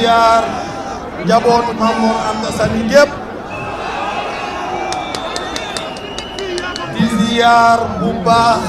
ziar njabootu Mame Mor Anta Saly gépp di ziar bu baax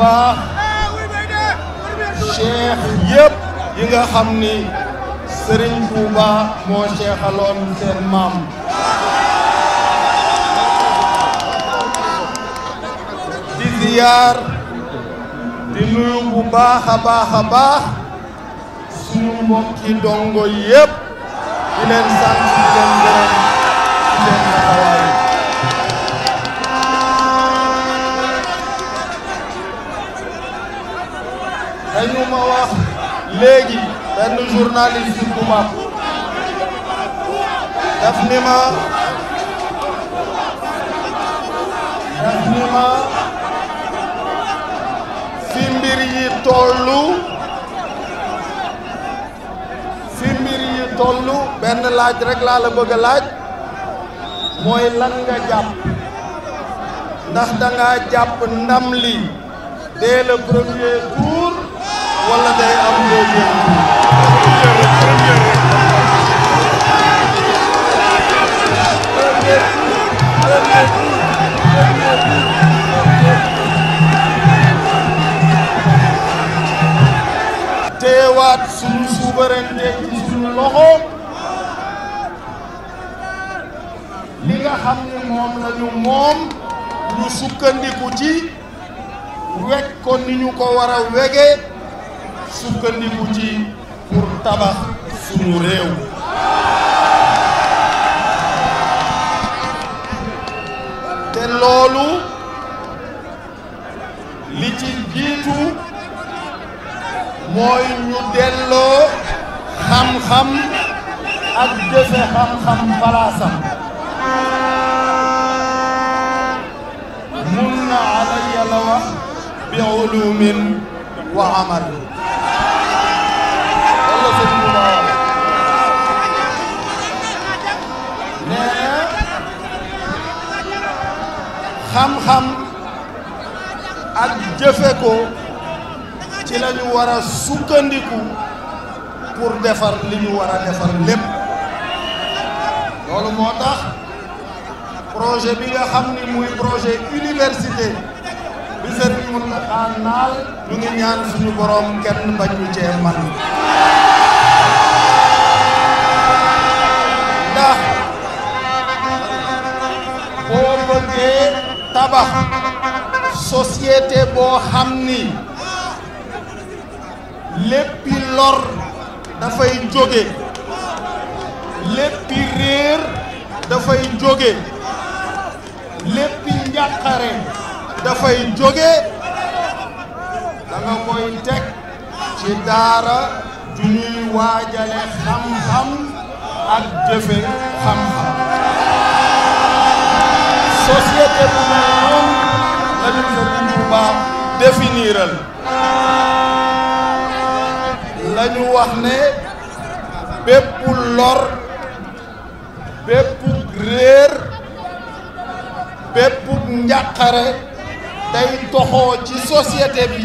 Touba cheikh yëpp yi nga xam ni Serigne Touba moo cheikhaloon seen maam di ziyaar di nuyu bu baax a baax a dongo yëpp di leen sant di leen gërëm leen dañu ma wax léegi benn journaliste bu daf ni ma daf ni ma fi yi tollu fi yi tollu benn laaj rek la bëgg laaj mooy lan nga jàpp ndax da jàpp ndam li dès le wala teewaat suñu souveraineté ci suñu loxo li nga xam ni moom la moom ñu sukkandiku ci wekk ko ni ñu ko war a wege sukkandiku ci pour tabax sunu te loolu li ci jiitu mooy ñu delloo xam-xam ak jëfe xam-xam palaasam mun na alayya la wax bi ulumin xam-xam ak jëfe ko ci la ñu war a sukkandiku pour defar li ñu war a defar lépp loolu moo tax projet bi nga xam ni muy projet université bi sëriñ mun na naal ñu ngi ñaan suñu borom kenn bañ ñu cee man tabax société boo xam ni léppi lor dafay jóge léppi réer dafay jóge léppi njàqare dafay jóge da koy teg ci daara ju ñuy waajale xam-xam ak jëfe xam-xam société bu mel noonu lañu Sëriñ Tuubaa définiral la ñu wax ne bépp lor bépp réer bépp njàqare day toxoo ci société bi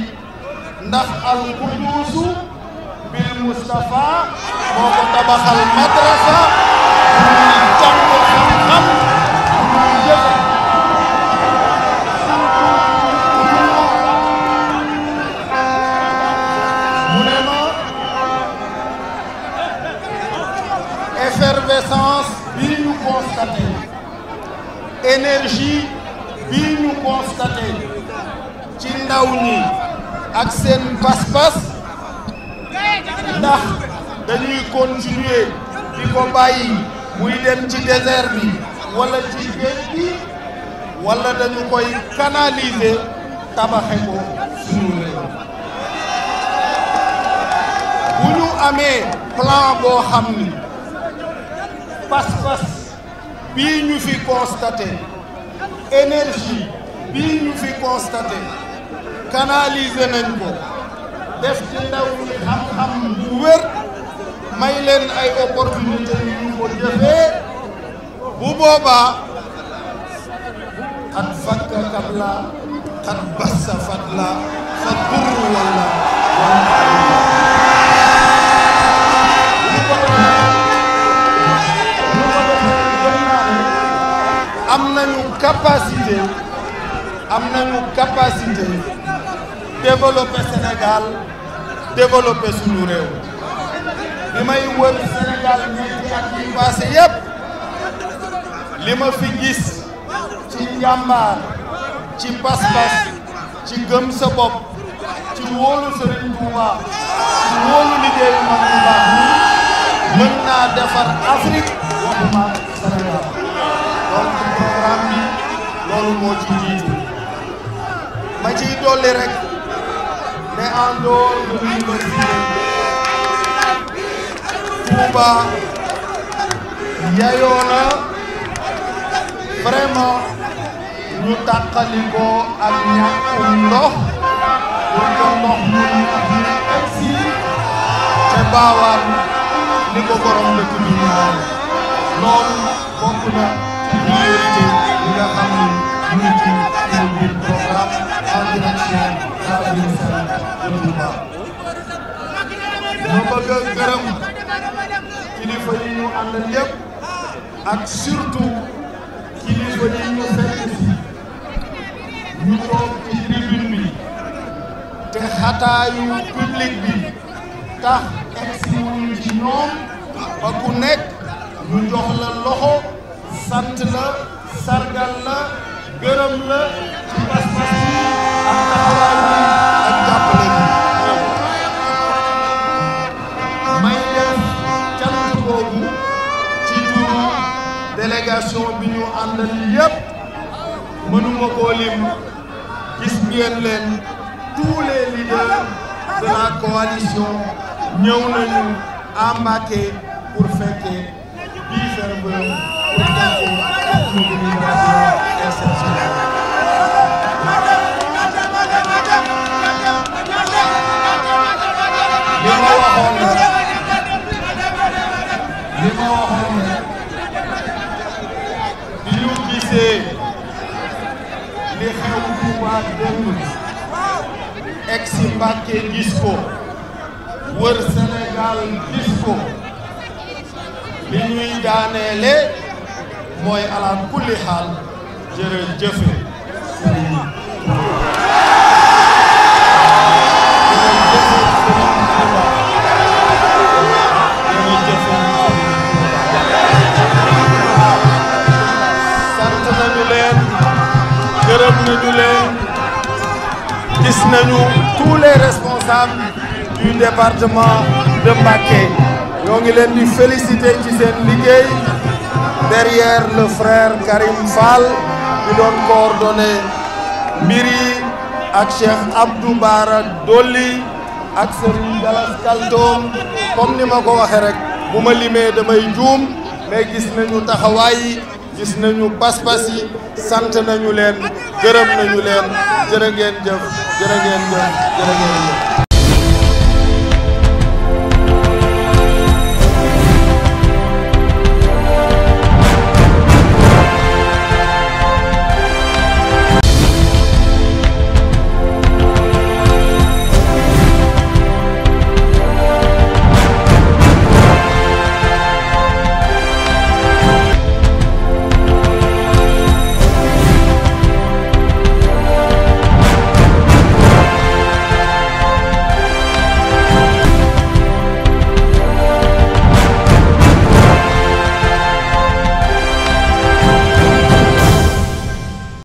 ndax al bil Mustafa moo ko tabaxal madrasa muy jàng énergie bii ñu constaté ci ndaw ñi ak seen pas ndax dañuy continuer di ko bàyyi muy dem ci désert bi wala ci géej bi wala dañu koy canaliser tabaxe ko suñu bu ñu amee plan boo xam ni bii ñu fi constaté énergie bii ñu fi constaté canaliser nañ ko def ci ndaw ñi xam-xam bu wér may leen ay opportunité yu ñu ko jëfee bu boobaa xat fakka kabla xat bassa fatla fa dur walla capacité am nañu capacité développer Sénégal développer suñu réew li may wër Sénégal ñeenti at yi passé yépp li ma fi gis ci njàmbaar ci pas ci gëm sa bopp ci wóolu Sëriñ Tuuba ci wóolu liggéeyu mag bu baax mën naa defar Afrique waxuma Sénégal loolu ci programme bi loolu moo ci jiitu ma ciy dolli rek ne en dehors ñu tàqali ko ak ñàkkum ndox pour que ndox mun mun agsi te baawaan ko borom dëkk bi ñaan loolu bokk na Büyükşehir ma bëgg a kilifa yi ñu àndal yëpp ak surtout kilifa yi ñu fekk si ñu toog ci tribune bi te xataayu public bi tax egsi ci ñoom ba ku nekk ñu jox la loxo sant la sargal la. gërëm la ci pas-pas bi may def cant boobu ci turu délégation bi ñu àndal yépp mënuma koo lim gis ngeen leen tous les leaders de la ñëw nañu à pour fekkee bii ferme li xew Touba démb ex Mbàkke gis ko wër Sénégal gis ko li ñuy daaneele mooy alaa kulli xaal jërëjëf gërëm nañu leen gis nañu tous les responsables du département de Mbacké ñoo ngi leen di féliciter ci seen liggéey derrière le frère Karim Fall bi doon coordonné mbir yi ak Cheikh Abdou Bara Dolly ak Serigne Galas Kaltoom comme ni ma ko waxee rek bu ma limee damay juum mais gis nañu taxawaay yi gis nañu pas yi sant nañu leen gërëm nañu leen jërë ngeen jëf jërë jëf